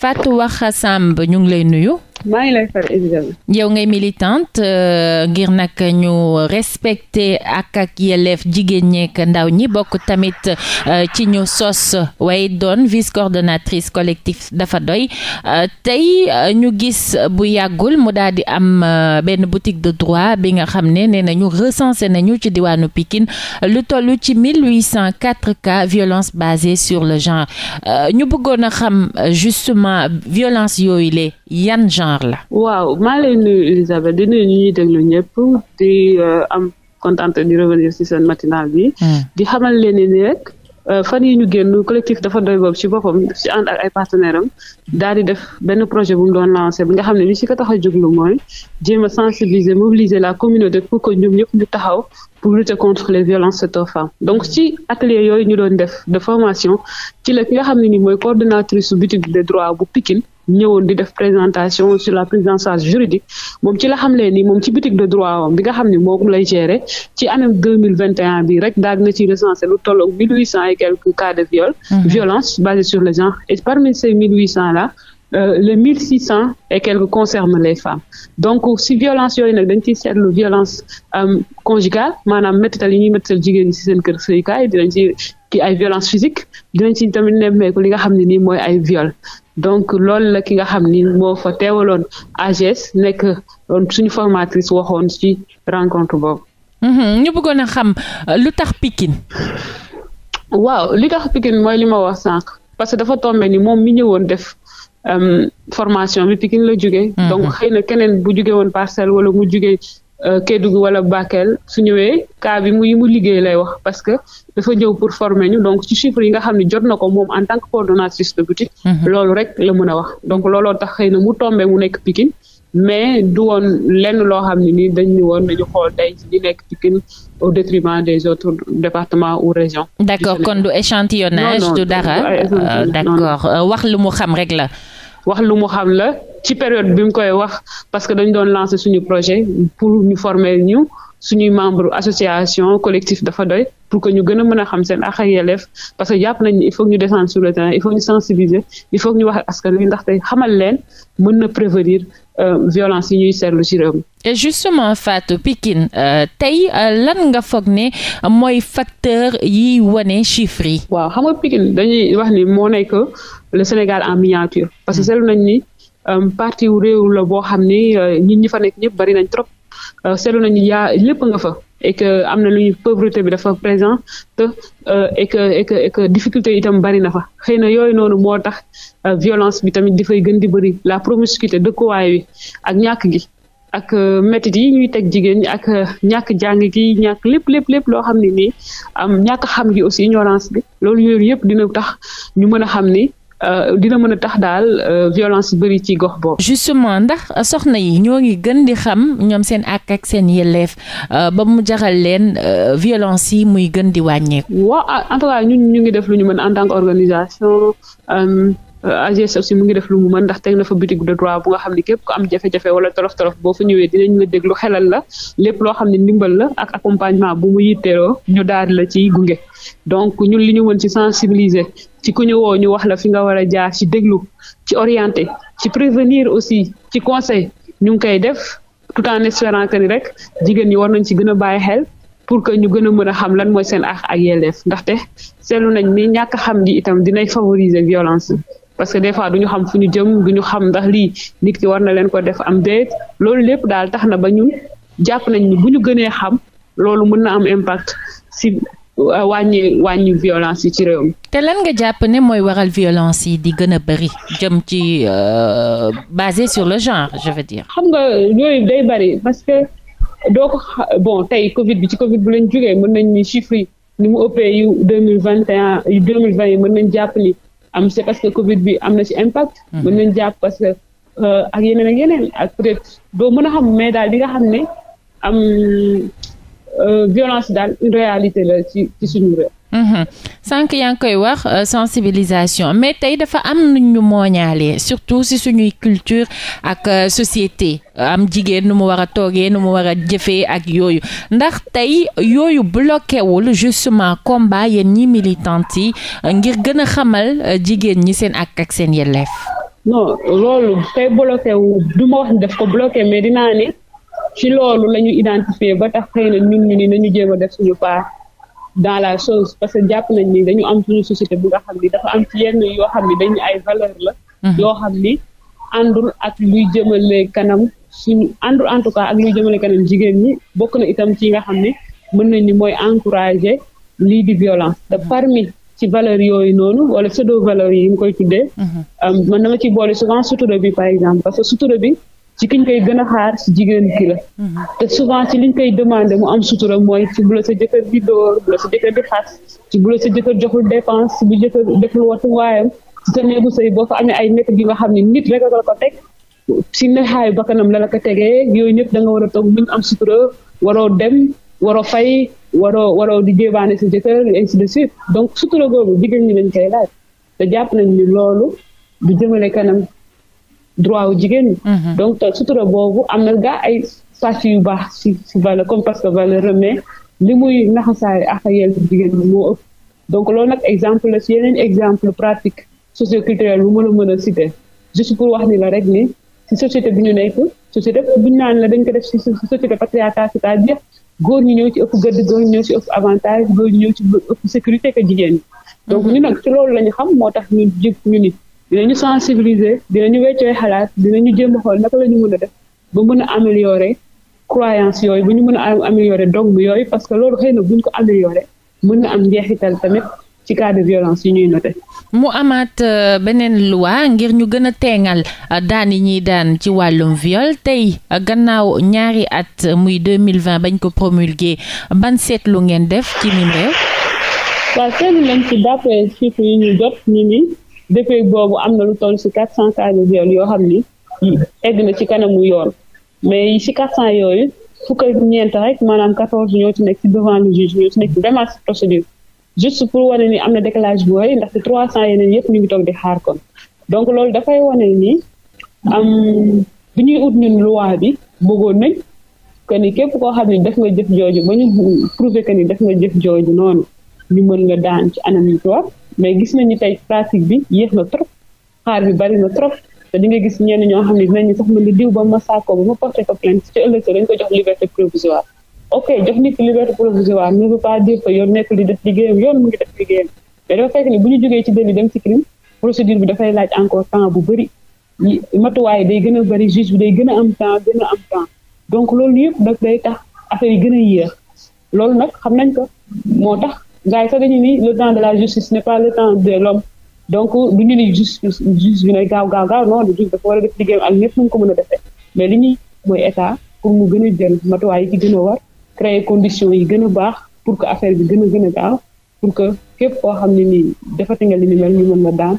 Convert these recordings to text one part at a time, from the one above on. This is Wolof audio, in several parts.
Fatou Warkha Samb ñu ngi lay nuyu maa ngi lay far évidemment. yow ngay militante euh, ngir nag ñu respecter ak ak yelleef jigéen ñeek ndaw ñi bokk tamit euh, ci ñu sos waaye doon vis coordonnatrice collectif dafa doy euh, tey ñu gis bu yàggul mu daal di am benn boutique de droit bi nga xam ne nee nañu recensé nañu ci diwaanu pikin lu toll ci mille huit cent quatre cas violence basée sur le genre ñu bëggoon a xam justement violence yooyu le yan genre. genre la. waaw maa lay nuyu Elisabeth di nuyu ñu ñuy déglu ñëpp di euh, am contente di revenir ci seen hmm. di xamal leen ni rek euh, fan yi ñu génn collectif dafa doy boobu ci boppam ci ànd ak ay partenaires am daal di def benn projet bu mu doon lancé bi nga xam ne li ci ko tax a jóglu mooy jéem a sensibiliser mobiliser la communauté pour que ñoom ñëpp ñu taxaw. pour lutter contre les violences faites aux femmes donc ci atelier yooyu ñu doon def de formation ci lek ki nga xam ne ni mooy coordonnatrice su boutique ñëwoon di def présentation sur la prise en juridique moom ci la xam leen ni moom ci boutique de droit wam bi nga xam ni moom lay gérer ci année mille vingt et un bi rek daal na ci recensé lu tolloog mille huit cent et quelques cas de viol mhm. violence basée sur le genre et parmi ces mille huit cent là Euh, les mille six cent et donc si violence yooyu nag dañ ciy seetlu violence euh, conjugale maanaam méttital yi ñuy méttital jigéen ñi ci seen kër sëykaay dinañ ci ki ay violence physique dinañ tamit nemmeeku li nga xam ne nii mooy ay viol donc loolu la ki nga xam ni moo fa teewaloon AGS nekk suñu formatrice waxoon ci rencontre boobu. Mhm, ñu bëggoon a xam lu tax Pikine. waaw li tax Pikine mooy li ma wax sànq parce que dafa tombé ni moom mi ñëwoon def. Euh, formation bi Pikine la jóge mm donc xëy na keneen bu jóge woon parcelle wala mu jóge Euh, Kédougou wala Bakel su ñëwee cas bi mu yi mu liggéey lay wax parce que dafa ñëw pour former ñu donc ci chiffre yi nga xam ne jot na ko moom en tant que coordonnatrice de boutique mhm. loolu rek la mën a wax donc looloo tax xëy na mu tombee mu nekk Pikine mais du woon lenn loo xam ne nii dañu woon dañu xool tey ci li nekk Pikine des autres départements ou régions. d'accord kon du échantillonnage du dara euh, d'accord euh, wax lu mu xam rek la. wax lu mu xam la ci période bi mu koy wax. parce que dañu doon lancer suñu projet pour ñu former ñu suñuy membre association collectif dafa doy pour que ñu gën a mën a xam seen ak yelleef parce que jàpp nañ il faut que ñu descendre sur le terrain il faut ñu sensibiliser il faut que ñu wax askan wi ndaxte xamal leen mën na prévenir euh, violence yi ñuy seetlu ci réew mi. et justement Fatou Pikine euh, tey euh, lan nga foog ne mooy facteur yi wane chiffres yi. waaw xam nga Pikine dañuy wax ni moo nekk le Sénégal en miniature parce que hmm. seetlu Euh, parti wu réew la boo xam ni euh, ñit ñi fa ñëpp bari nañ trop euh, seetlu nañu yaa lépp nga fa et que am na lu ñu bi dafa présent te et que difficulté itam bari na fa xëy na yooyu noonu moo tax violence bi tamit dafay gën di bëri la promiscuité dëkkuwaay wi ak ñàkk gi ak métit yi ñuy teg jigéen ñi ak ñàkk jàng gi ñàkk lépp lépp lépp loo xam ne nii am ñàkk xam gi aussi ignorance bi loolu yooyu yëpp dina tax ñu mën a xam ni Euh, dina mën a tax daal euh, violence bëri ci gox boobu. justement ndax soxna yi ñoo ngi gën di xam ñoom seen àq ak seen yelleef euh, ba mu jaxal leen violence yi muy gën di wàññeeku. waaw ah, en tout cas ñun ñu ngi def lu ñu mën en tant qu'organisation. AGS aussi mu ngi def lu mu mën ndax teg na fa boutique de droit bu nga xam ni képp ku am jafe-jafe wala torof-torof boo fa ñëwee dinañ la déglu xelal la lépp loo xam ne ndimbal la ak accompagnement bu mu yitteeloo ñu daal la ci gunge. donc ñun li ñu mën ci sensibiliser ci ku ñu woo ñu wax la fi nga war a jaar ci déglu ci orienter ci prévenir aussi ci conseil ñu ngi koy def tout en espérant que rek jigéen ñi war nañ ci gën a bàyyi xel pour que ñu gën a mën a xam lan mooy seen àq ak yelleef ndaxte seetlu nañ ni ñàkk xam gi itam dinay favoriser violence parce que des fois du ñu xam fu ñu jëm du xam ndax lii nit ki war na leen ko def am déet loolu lépp daal tax na ba ñun jàpp nañ ni bu ñu gënee xam loolu mën na am impact si Euh, wàññi wàññi violence yi ci réew mi. te lan nga jàpp ne mooy waral violence yi di gën a bëri jëm ci euh, basé sur le genre je veux dire. xam nga yooyu day bëri parce que doo bon tey Covid bi ci Covid bu lañ jógee mën nañ ni chiffres yi ni mu ëppee yu deux mille vingt et yu deux mille vingt yi mën nañ jàpp ni am c'est parce que Covid bi am na ci impact. Hmm. mën nañ jàpp parce que euh, ak yeneen ak yeneen ak doo mën a xam mais daal di xam ne Euh, violence daal une réalité la ci ci suñu réew. Mhm. sànq yaa ngi koy wax euh, sensibilisation mais tey dafa am nu ñu mooñaalee surtout si suñuy culture ak euh, société am jigéen nu mu war a toogee nu mu war a jëfee ak yooyu ndax tey yooyu bloqué wul justement combat yéen ñi militantes yi ngir gën a xamal jigéen ñi seen ak ak seen yelleef. non loolu tey bloqué du ma wax ni daf ko bloqué mais dinaa ni ci loolu la ñu identifier ba tax xëy na ñun ñu ni nañu jéem a def suñu part dans la chose parce que jàpp nañ ni dañu am suñu société bu xam ni dafa am ci yenn yoo xam ni dañu ay valeur la mhm. yoo xam ni àndul ak luy jëmale kanam suñu àndul en tout cas ak luy jëmale kanam jigéen ñi bokk na itam ci nga xam ni mën nañ ni mooy encourager lii di violence te mhm. parmi ci valeur yooyu noonu wala pseudo valeur yi ñu koy tuddee mhm. man dama ci boole souvent sutura bi par exemple parce que sutura bi ci kiñ koy gën a xaar si jigéen ki la te souvent ci liñ koy demandé mu am sutura mooy ci bu sa jëkkër bi dóor bu la sa jëkkër di xas ci bu la sa jëkkër joxul dépense bu jëkkër deful watu waayam ci sa néegu sëy boo fa amee ay métti bi nga xam ne nit rek a ko teg si neexaayu bakkanam la la ko tegee yooyu ñëpp da nga war a toog muñ am sutura waroo dem waroo fay waroo waroo di jébaane sa jëkkër ainsi de suite donc sutura googu jigéen ñi lañ koy laaj te jàpp nañ ni loolu du jëmale kanam droit wu jigéen mhm. donc te boobu am na gaa ay pàcc yu baax si si valeur comme parce que valeur mais li muy naxasaay ak yel jigéen ñi moo ëpp. donc loolu nag exemple la si yeneen exemple pratique socioculturelle bu mën a mën a citer juste pour wax ni la rek ni si société bi ñu nekk société bu ñu naan la dañ ko def si société patriarcale c'est-à-dire góor ñi ñëw ci ëpp gëdd góor ñi ñëw ëpp avantage góor ñi ñëw ëpp sécurité que jigéen ñi donc mhm. ñu loolu la ñu xam moo tax ñu jëf ñu ni ñu dinañu sensibiliser dinañu weccooy xalaat dina ñu a xool naka la ñu mën a def ba mën a améliorer croyance yooyu bu ñu mën a améliorer dogme yooyu parce que loolu xëy na bu ñu ko améliorer mën am njeexital tamit ci cas de violence ñuy noté. mu amaat euh, beneen loi ngir ñu gën a teengal euh, daan yi ñuy daan ci wàllum viol tey euh, gannaaw ñaari at muy deux mille vingt bañ ko promulgué ban seetlu ngeen def ci mim réew. waaw seetlu nañ ci d'après chiffres yi ñu jot ñu ni depuis boobu am na lu toll si quatre cent cas de viol yoo xam ni egg na ci kanamu yoon mais si quatre cent yooyu fukk ak ñeent rek maanaam quatorze ñoo ci nekk si devant le juge nekk vraiment si procédure juste pour wane ni am na décalage bu rëy ndax si trois cent yeneen yëpp ñu ngi toog di xaar kon donc loolu dafay wane ni am bi ñuy ut ñun loi bi bëggoon nañ que ni képp koo xam ne def nga jëf jooju ba ñu ni daf nga jëf jooju noonu ñu mën nga daan ci anam yu mais gis nañu tey pratique bi yéex na trop xaar bi bari na trop te di nga gis ñenn ñoo xam ne dinañu sax man li diw ba ma saakoo ba ma porté ko plainte ci ëllëg dañ ko jox liberté provisoire ok jox nit liberté provisoire ne pas dire que yoon nekkul di def liggéeyam yoon mu ngi def liggéeyam mais dafa fekk bu ñu jógee ci délit dem ci crime procédure bi dafay laaj encore temps bu bëri matuwaay day gën a bëri juge bi day gën a am temps gën am temps donc loolu yëpp nag day tax affaire yi gën a yéex loolu nag xam nañ ko moo tax gars yi sax dañu ni le temps de la justice n'est pas le temps de l'homme donc du ñu justice justice bi ne gaaw gaaw gaaw non le juge dafa war a ko mën a defee mais li mooy état pour mu gën a jël matuwaay yi ci gën a war créer conditions yi gën a baax pour que affaire bi gën a gën a gaaw pour que képp koo xam ne nii defati nga li ni mel ñu mën la daan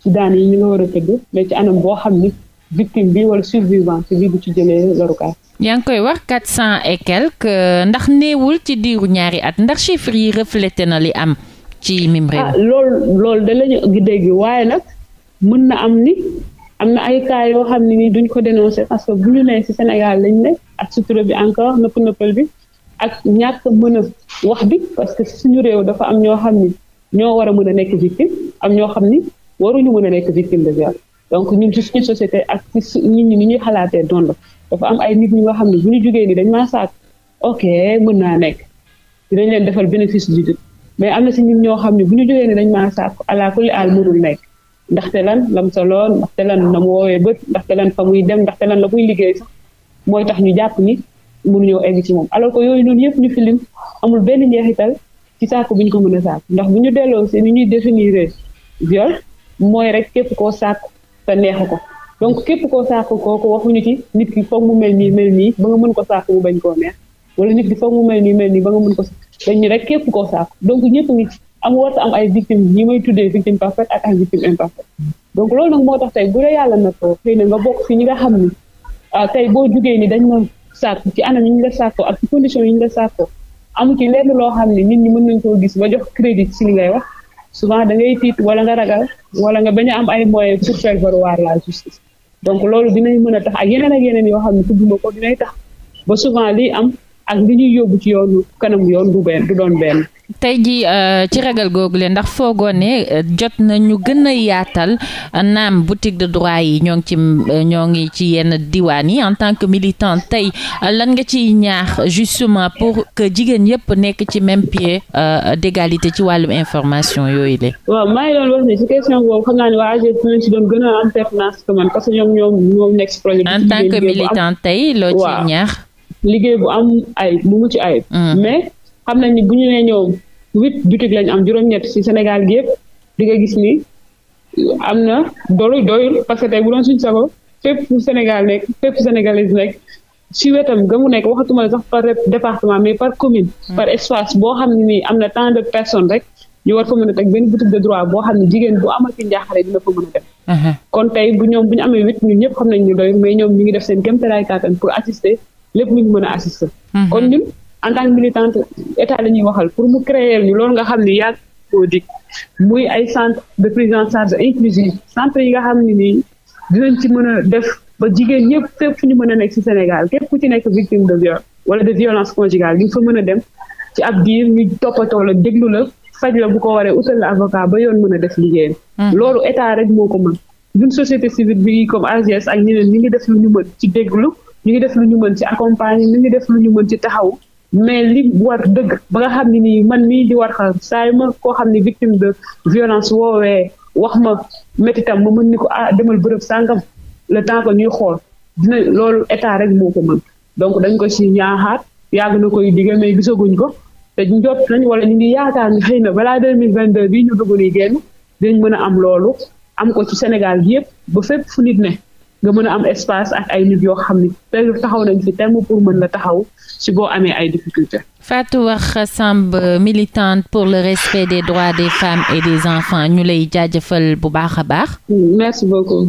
ci daan yi ñu nga war a tëdd mais ci anam boo xam ni victime bi wala survivante bi bu ci jëlee lorukaay. yaa ngi koy wax quatre cent et quelque euh, ndax néewul ci diiru ñaari at ndax chiffres yi reflété na li am ci mim ah, lool ah loolu loolu da lañu gi dégg waaye nag mën na am ni am na ay cas yoo xam ne ni duñ ko dénoncé parce que bu ñu nee ci Sénégal lañ ne ak sutura bi encore nëpp nëppal bi ak ñàkk mën wax bi parce que suñu réew dafa am ñoo xam ni ñoo war a mën a nekk victime am ñoo xam ni waruñu mën a nekk victime de donc ñun ci suñu société ak ci nit ñi ñuy xalaatee doon la am ay nit ñi nga xam ne bu ñu jugee ni dañ maa saak ok mën naa nekk dinañ leen defal bénéfice du mais am na si nit ñoo xam ne bu ñu jugee ni dañ maa saak ala kulli aal mënul nekk ndaxte lan lam soloon ndaxte lan na mu woowee bët ndaxte lan fa muy dem ndaxte lan la muy liggéey sax mooy tax ñu jàpp ni ñëw egg ci moom alors ko yooyu noonu yëpp ñu filim amul benn njeexital ci saako bu ko mën a saak ndax bu ñu delloo si ni ñuy définir viol mooy rek képp koo saako te neexu ko donc képp koo sàkku kooku waxuñu ci nit ki foog mu mel nii mel nii ba nga mën ko sàkku mu bañ koo neex wala nit ki foog mu mel nii mel ni ba nga mën ko dañ ñu rek képp koo sàkku donc ñëpp ngi am warta am ay victimes ñi may tuddee victime parfaite ak ay victime imparfaite donc loolu nag tax tey bu la yàlla na ko xëy na bokk si ñi nga xam ni ah, tey boo jugee ni dañ la sàkku ci anam yi ñu la sàkkoo ak ci condition yi ñu la sàkkoo amu ci lenn loo xam ne nit ñi mën nañ koo gis ba jox crédit si li ngay wax souvent da ngay tiit wala nga ragal wala nga bañ am ay moyens pour faire valoir la justice donc loolu dinañ mën a tax ak yeneen ak yeneen yoo xam ne tudduma ko dinañ tax ba souvent li am ak li ñuy yóbbu ci yoonu kanam yoon du benn du doon benn. tey jii euh, ci ragal googu leen ndax foogoon ne euh, jot na ñu gën a yaatal euh, naam boutique de droit yi ñoo ngi ci ñoo ngi ci yenn diwaan yi en tant que militant tey lan nga ciy ñaax justement pour jigéen yépp nekk ci même pied d'égalité ci wàllum information yooyu la. waaw ñaax. liggéey bu am ay bu mucc ay mm. mais xam nañ ni bu ñu nee ñoom huit boutique lañ am juróom-ñett si Sénégal gi yëpp di nga gis ni am na doolu doyul parce que tey bu doon suñu sago fépp fu Sénégal nekk fépp sénégalais nekk ci wetam ga mu nekk waxatuma sax par département mais par commune. Mm. par espace boo xam ne am na tant de personnes rek. ñu war fa mën a teg benn de droit boo xam ne jigéen bu amati njaaxare dina fa mën a def mm-hmm. kon tey bu ñoom bu ñu amee huit ñun ñëpp xam nañ ñu doy mais ñoom ñu def lépp lu ñu mën a assister. Mhm. kon ñun en tant militante état la ñuy waxal pour mu créer ñu loolu nga xam ni yàgg koo dig muy ay centre de prise en charge inclusive centre yi nga xam ne ni dinañ ci mën a def ba jigéen ñëpp fépp fu ñu mun a nekk ci Sénégal képp ku ci nekk victime de wala de violence conjugale di nga fa mën a dem ci ab diir ñu toppatoo la déglu la faj la bu ko waree utal la avocat ba yoon mën a def liggéeyam. Mhm. loolu état rek moo ko mën. ñun société civile bi comme AGS ak ñeneen ñi ngi def ñu mën ci déglu ñu ngi def lu ñu mën ci accompagner ñu ngi def ñu mën ci taxaw mais li war dëgg ba nga xam ne nii man mii di war xam saa ma koo xam ne victime de violence woowee wax ma métitam ma mën ni ko ah demal bërëb sàngam le temps que ñuy xool dina loolu état rek moo ko mën donc dañ ko ci ñaaxaat yàgg na koy digge mais gisaguñ ko te njot nañ wala ñu ngi yaakaar ni xëy na balaa deux mille vingt deux bii ñu dugg nii génn dinañ mën a am loolu am ko ci Sénégal yëpp ba fépp fu nit ne nga mën a am espace ak ay nit yoo xam ne taxaw nañ fi terme pour mën la taxaw si boo amee ay difficultés. Fatou Warkha Samb militante pour le respect des droits des femmes et des enfants ñu lay jaajëfal bu baax a baax. merci beaucoup.